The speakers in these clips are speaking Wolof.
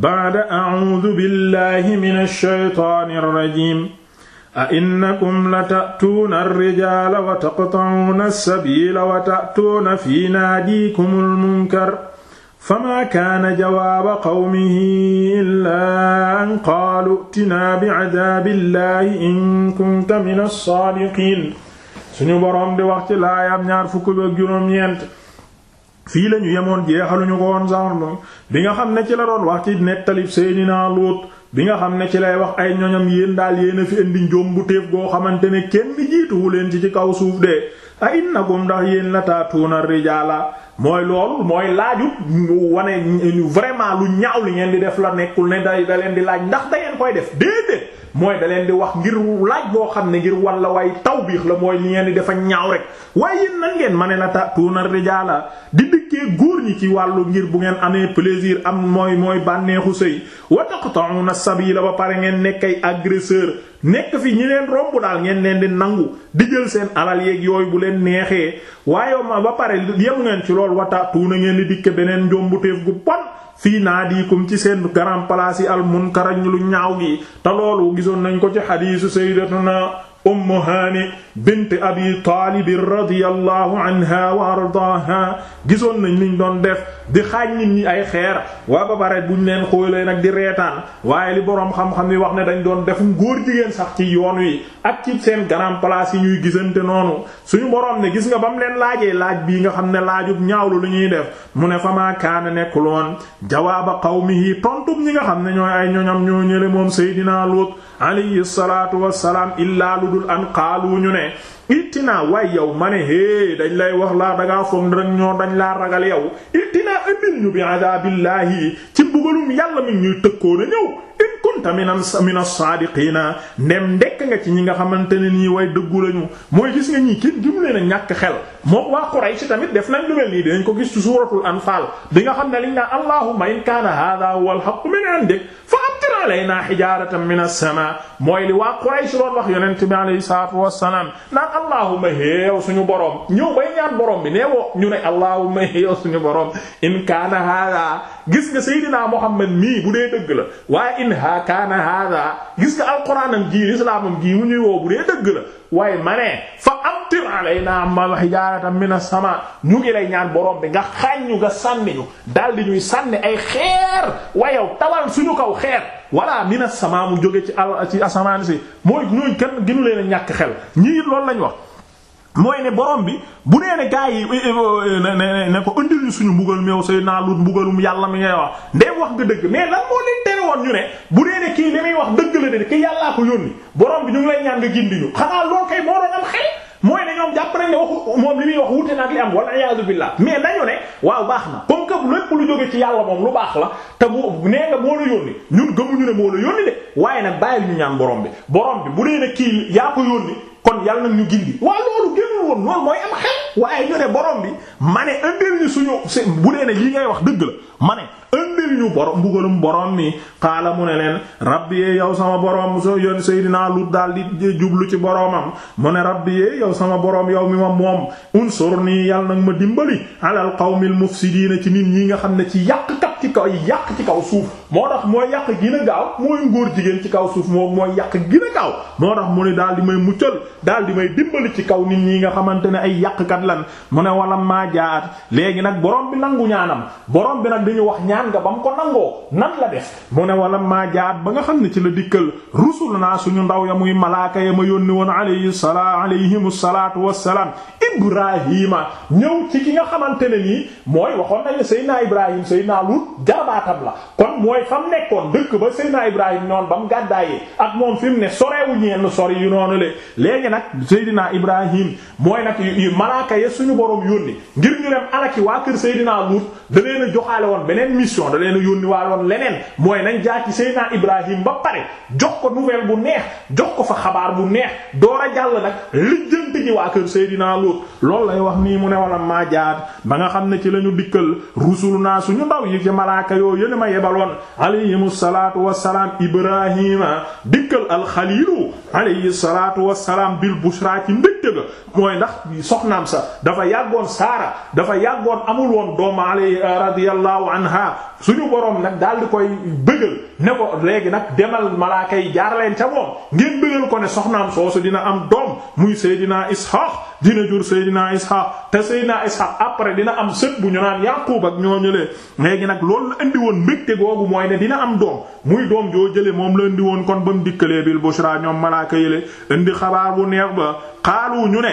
ba'da a'uudu billahi minash shaytaanir rajiim a innakum la ta'tuuna ar-rijaala wa taqta'uuna as-sabiila wa ta'tuuna fii naadiikumul munkar famaa kaana jawaaba qawmihi illaa an qaalu i'tinaa bi'adaabillahi in kunta mina as-saadiqiin suñu boroom di wax ci laayam ñaar fukk ak juróom-ñeent fii la ñu yemoon jeexaluñu ko woon sax moom bi nga xam ne ci la doon wax ci nettalib Seydina Luut bi nga xam ne ci lay wax ay ñoñam yéen daal yéen a fi indi njoom bu goo xamante ne kenn jiituwu leen ci ci kaw suuf de a innakum ndax yéen la na rijaala mooy loolu mooy laajut wane vraiment lu ñaaw li ngeen di def la nekkul ne da da leen di laaj ndax da koy def déedéet mooy daleen di wax ngir laaj boo xam ne ngir walla la taw tawbiix la mooy li ngeen di dafa ñaaw rek waaye yéen nan ngeen ma ne la ta tuuna rijaala di dikkee góor ñi ci wàllu ngir bu ngeen amee plaisir am mooy mooy bànneexu sëy wa taqta'una la ba pare ngeen nekk ay agresseur nekk fi ñi leen romb daal ngeen leen di nangu di seen alal yooyu bu leen neexee waaye ma ba pare yem ngeen ci lool wata tuuna ngeen di dikk beneen njombuteef gu bon fii naadikum ci seen grand place yi al munkar lu ñaaw gi te loolu gisoon nañ ko ci hadiisu sayyidatuna ummu haani bint abi taalib radiyallahu anha wa ardaaha gisoon nañ liñ doon def di xaaj nit ñi ay xeer waa ba bu buñ leen xoolee nag di reetaan waaye li boroom xam-xam ni wax ne dañ doon def góor jigéen sax ci yoon wi ak ci seen grand place yi ñuy gisante noonu suñu boroom ne gis nga ba mu leen laajee laaj bii nga xam ne laajub ñaawlu lu ñuy def mu ne fa famaa kaana nekkul woon jawaaba qawmihi tontub ñi nga xam ne ñooy ay ñoñam ñoo ñële moom seydinaa Luut alayhi salaatu wassalaam illaa dul an xaalu ñu ne ittinaa waaye yow ma ne hee dañ lay wax laa dangaa foog ne ñoo dañ laa ragal yow ittinaa indil ñu bi adabillaahi ci bugalum yàlla mi ñuy tëkkoon a ñëw kunta min as-saadiqiina ndem ndekk nga ci ñi nga xamante ne nii way dëggu lañu mooy gis nga ñii kenn gëm leen a ñàkk xel mook waa Quraysh tamit def nañ lu mel nii dinañ ko gis ci suuratul anfaal bi nga xam ne liñ naa allahumma in kaana haadaa huwa al-haqqu min indik fa amtir alaynaa hijaaratan min as mooy li waa Quraysh doon wax yonent bi alayhi salaatu wassalaam naan allahumma heew suñu borom ñëw bay ñaan borom bi neewoo ñu ne allahumma heew suñu borom in kaana haadaa gis nga sayyidina Muhammad la kaana hada gis nga alquraanam gii lislaamam gii mu ñuy woo bu dee dëgg la waaye ma ne fa amtir alayna ma min as-sama ñu ngi ñaan borom bi nga xàññu nga sànni daal di ñuy sànni ay xeer wayow tawal suñu kaw xeer wala min as mu jóge ci al ci asamaan si mooy ñooy kenn gënu leen a ñàkk xel ñii loolu lañ wax mooy ne borom bi bu nee ne gaa yi eh, eh, eh, ne ne ko indil ñu suñu mbugal meew say naa lut mbugalum yàlla mi ngay wax ndee wax nga dëgg mais lan moo bu nee kii li wax dëgg la de ki yàllaa ko yónni borom bi ñu ngi lay ñaan nga gindi ñu xanaa loo kay moo doon am xel mooy moom li muy wax wute na ak li am wala iyaazu billah mais dañu ne waaw baax na comme que lépp lu jóge ci yàlla moom lu baax la te bu nee nga moo la yónni ñun gëmuñu ne moo la yónni de waaye nag bàyyil ñu ñaan borom bi borom bi bu nee ne kii yaa ko yónni kon yàlla na ñu gindi waaw loolu génnul woon loolu mooy am xel waaye ñu ne borom bi ma ne indil ñu suñu bu dee ne lii ngay wax dëgg la ma ne indil ñu borom mbugalum borom mi xaala mu ne leen rabbi yee yow sama borom soo yoon Seydina Lut daal di jublu ci boromam mu ne rabbi yee yow sama borom yow mi ma moom unsur nii yàlla nag ma dimbali alal qawmil mufsidiina ci nit ñi nga xam ne ci yàq ci kaw yàq ci kaw suuf moo tax mooy yàq gën a gaaw mooy ngóor jigéen ci kaw suuf moom mooy yàq gën a gaaw moo tax mu ne daal di may muccal daal di may dimbali ci kaw nit ñi nga xamante ne ay yàqkat lan mu ne wala maa jaat léegi nag borom bi nangu ñaanam borom bi nag dañu wax ñaan nga ba mu ko nangoo nan la def mu ne walla maa jaat ba nga xam ne ci la dikkal rusul naa suñu ndaw ya muy malaaka ya ma yónni woon alayhi salaa alayhimu salaatu wassalaam Ibrahima ñëw ci ki nga xamante ne nii mooy waxoon nañu Seydina Ibrahim Seydina jarbaatam la kon mooy fa mu nekkoon dëkk ba Seydina Ibrahim noonu ba mu gàddaayee ak moom fi mu ne soreewu ñeen sori yu noonu le léegi nag Seydina Ibrahim mooy nag yu malaaka ya suñu boroom yónni ngir ñu dem alaki waa kër Seydina Luut da leen a joxaale woon beneen mission da leen a yónni waa woon leneen mooy nañ jaar ci Seydina Ibrahim ba pare jox ko nouvelle bu neex jox ko fa xabaar bu neex door a jàll nag lijjanti ji waa kër Seydina Luut loolu wax nii mu ne wala maa jaar ba lañu dikkal rusul malaaka yoo yële ma yebaloon alayhimu salaatu wassalaam ibrahima dikkal alxaliilu alayhi salaatu wassalaam bil bushra ci mbégte mooy ndax soxnaam sa dafa yàggoon saara dafa yàggoon amul woon doom alayhi euh, radiyallahu anha suñu boroom nag daal koy bëggal ne ko léegi nag demal malaaka yi jaar ca moom ngeen bëggal ko ne soxnaam soosu dina am doom muy seydina isxaaq dina jur Seydina Ishaq te Seydina Ishaq après dina am sët bu ñu naan Yaqub ak ñoo ñëlee léegi nag loolu la indi woon mbégte googu mooy ne dina am doom muy doom joo jëlee moom la indi woon kon ba mu dikkalee bil bushra ñoom malaaka yële indi xabaar bu neex ba xaalu ñu ne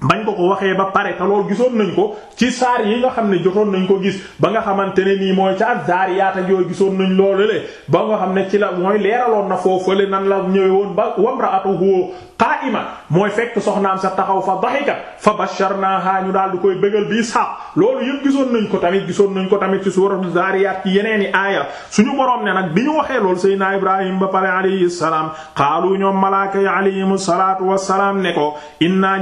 bañ ko ko waxee ba pare te loolu gisoon nañ ko ci saar yi nga xam ne jotoon nañ ko gis ba nga xamante ne nii mooy ca Zaariyaat ak yooyu gisoon nañ loolu le ba nga xam ne ci la mooy leeraloon na foofale nan la ñëwee woon ba wamra'atuhu qaa'ima mooy fekk soxnaam sa taxaw fa dahikat fa basharnaahaa ñu daal di koy bëggal bi Isxaaq loolu yëpp gisoon nañ ko tamit gisoon nañ ko tamit ci suuratu Zaariyaat ci yeneen i aaya suñu boroom ne nag bi ñu waxee loolu Seydina Ibrahim ba pare alayhi salaam qaalu ñoom malaaka yi alayhimu salaatu wassalaam ne ko innaa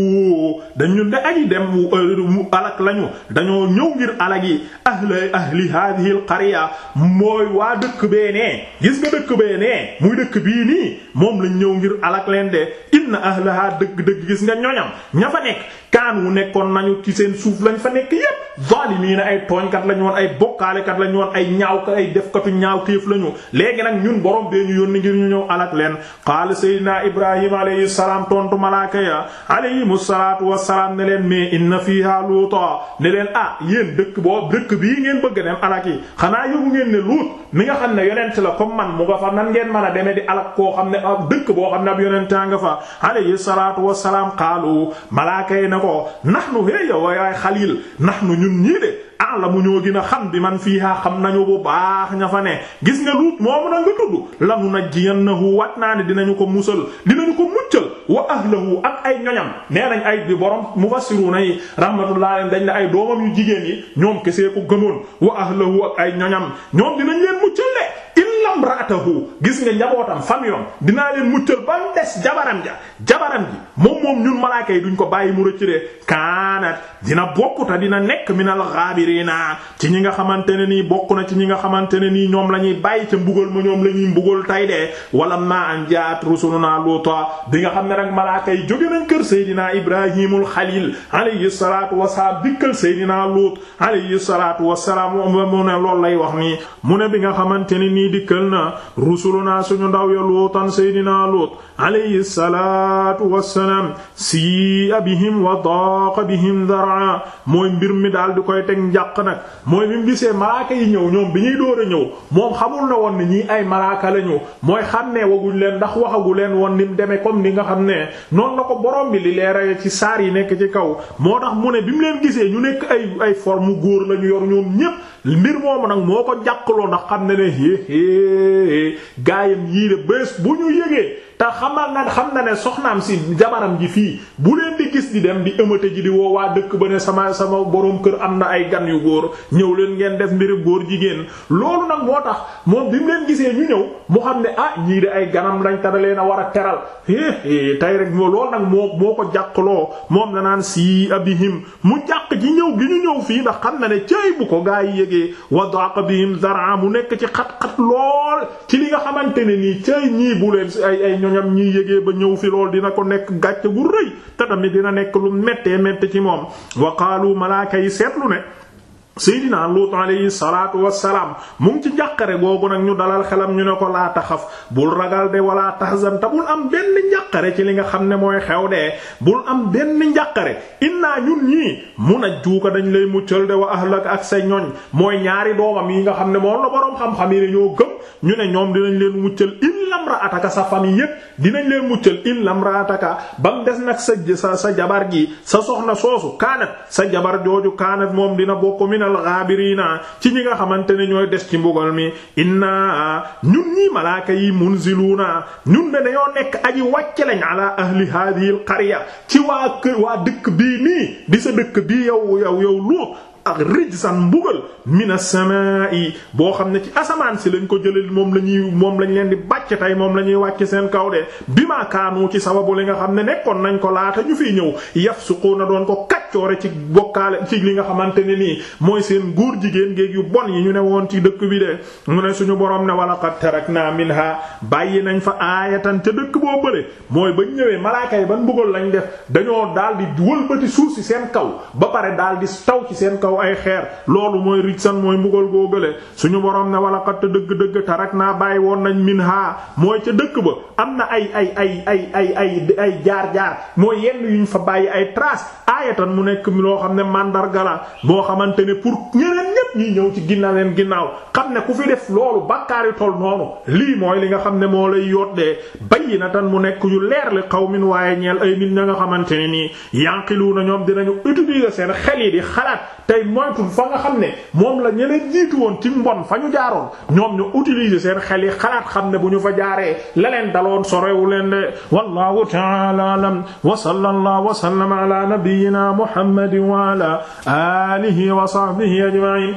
yuhliku dañu de aji dem euh, mu alak lañu dañoo ñëw ngir alak yi ahla ahli hadhihi al qarya mooy waa dëkk bee nee gis nga dëkk bee nee muy dëkk bii nii moom lañ ñëw ngir alak leen de inna ahlaha dëgg dëgg gis nga ñoñam ña fa nekk kaanu nekkoon nañu ci seen suuf lañ fa nekk yépp zaalimiina ay tooñkat lañu woon ay bokkaalekat lañu woon ay ñaawkat ay defkatu ñaaw téef lañu léegi nag ñun borom bee ñu yónni ngir ñu ñëw alak leen qaala seydinaa ibrahim alayhi salaam tontu malaaka ya alayhimu salaatu wa ne leen mais inna fiihaa luuta ne leen ah yéen dëkk boo dëkk bii ngeen bëgg dem alak yi xanaa yóbbu ngeen ne luut mi nga xam ne yonent la comme man mu nga fa nan ngeen mën a demee di alak koo xam ne dëkk boo xam ne ab yonentaa nga fa alayhi salaatu wassalaam qaalu malaaka ne ko nahnu hey yow yaay xalil nahnu ñun ñii de a'lamu ñoo gën a xam bi man fii xam nañu bu baax ña fa ne gis nga luut moomu na nga tudd lanu najjiyannahu wat naa ne dinañu ko musal dinañu ko muccal wa ahlahu ak ay ñoñam nee nañ ay bi mu siru mufassiruna yi rahmatullah dañ ne ay doomam yu jigéen yi ñoom kesee ko gëmoon wa ahlahu ak ay ñoñam ñoom dinañ leen muccal de illam raatahu gis nga njabootam famiyom dinaa leen muccal ba mu des jabaram ja jabaram ji moom moom ñun malaaka yi duñ ko bàyyi mu rëcc de kaanat dina bokk te dina nekk minal xaabiriina ci ñi nga xamante ne nii bokk na ci ñi nga xamante ne nii ñoom la ñuy bàyyi ca mbugal ma ñoom la ñuy mbugal tay de wala ma an jaat rusuluna luta bi nga xam ne nag malaaka yi jóge nañ kër seydinaa ibrahimul xalil alayhi salatu wasalaam dikkal seydinaa luut alayhi salatu wasalaam mu ne loolu lay wax nii mu ne bi nga xamante ne nii dikkal na rusuluna suñu ndaw ya luutan seydinaa luut alayhi salaatu wassalaam sii abihim wa daaqa bihim daraa mooy mbir mi daal di koy teg njàq nag mooy bi mu gisee malaaka yi ñëw ñoom bi ñuy door a ñëw moom xamul na woon ni ñii ay malaaka lañu mooy xàmmee waguñ leen ndax waxagu leen woon ni mu demee comme ni nga xam ne noon na ko borom bi li leerale ci saar yi nekk ci kaw moo tax mu ne bi mu leen gisee ñu nekk ay ay góor lañu yor ñoom ñépp mbir moomu nag gaayam yii de bés bu ñu yëgee te xamal na xam na ne soxnaam si jabaram ji fii bu leen di gis di dem di ëmmate ji di woo waa dëkk ba ne sama sama boroom kër am na ay gan yu góor ñëw leen ngeen def mbiri góor jigéen loolu nag moo tax moom bi mu leen gisee ñu ñëw mu xam ne ah ñii de ay ganam lañ tara leen a war a teral é tey rek loolu nag moo moo ko jàqloo moom la naan si abihim mu jàq ji ñëw gi ñu ñëw fii ndax xam na ne cëy bu ko gaa yi yégee wa daqa bihim zara mu nekk ci xat-xat lool ci li nga xamante ne nii cëy ñii bu leen ay ay ñoñam ñiy yégee ba ñëw fi lool dina ko nekk gàcc gu rëy te tamit dina nekk lu méttee métte ci moom wa malaaka yi seetlu ne seydinaa Luut alayhi salaatu wassalaam mu ngi ci njàqare googu nag ñu dalal xelam ñu ne ko laa taxaf bul ragal de wala tahzan te bul am benn njàqare ci li nga xam ne mooy xew de bul am benn njàqare innaa ñun ñii mun a juuka dañ lay muccal de wa ahlak ak say ñoñ mooy ñaari doomam yi nga xam ne moom la boroom xam-xam yi ñoo gëm ñu ne ñoom dinañ leen muccal illam raataka sa famille yépp dinañ leen muccal illam raataka bam des nag sa sa sa jabar ji sa soxna soosu kaanat sa jabar minal ghabirina ci ñi nga xamante ne ñooy des ci mbugal mi inna ñun ñii malaaka yi munziluna ñun de dañoo nekk aji wàcce lañ ala ahli hadhihi al qarya ci waa kër waa dëkk bii nii di sa dëkk bii yow yow yow lu ak rijsan mbugal mina boo xam ne ci asamaan si lañ ko jëlal moom la ñuy moom lañ leen di bàcc tey moom la ñuy wàcc seen kaw de bi ma kaanu ci sababu li nga xam ne nekkoon nañ ko laata ñu fiy ñëw yafsuquna doon ko kaccoore ci bokkaale ci li nga xamante ne nii mooy seen góor jigéen géeg yu bon yi ñu ne woon ci dëkk bi de mu ne suñu boroom ne walaqad tarakna minha bàyyi nañ fa aayatan ca dëkk boo bële mooy bañ ñëwee malaaka yi ban bëggoon lañ def dañoo daal di wëlbati suuf si seen kaw ba pare daal di taw ci seen kaw ay xeer loolu mooy rijsan mooy mbugal góogale suñu borom ne walaqad te dëgg-dëgg tarakna bàyyi woon nañ minha mooy ca dëkk ba am na ay ay ay ay ay ay ay jaar jaar mooy yenn yuñ fa bàyyi ay trace aayatan mu nekk loo xam ne mandarga boo xamante ne pour ñeneen ñuy ñëw ci ginnaaween ginnaaw xam ne ku fi def loolu bàkkaari tol noonu lii mooy li nga xam ne moo lay yóotee bayyinatan mu nekk yu leer li qawmin waaye ñeel ay nit ña nga xamante ne nii yanqiluuna ñoom dinañu utiliser seen xel yi di xalaat tey moytu fa nga xam ne moom la ñeneen jiitu woon ci mbon fa ñu jaaroon ñoom ñu utiliser seen xel yi xalaat xam ne bu ñu fa jaaree la leen daloon sorewu leen de wallahu ta'ala alam wa sallallahu wa sallama ala nabiyyina muhammadin wa ala alihi wa sahbihi ajma'in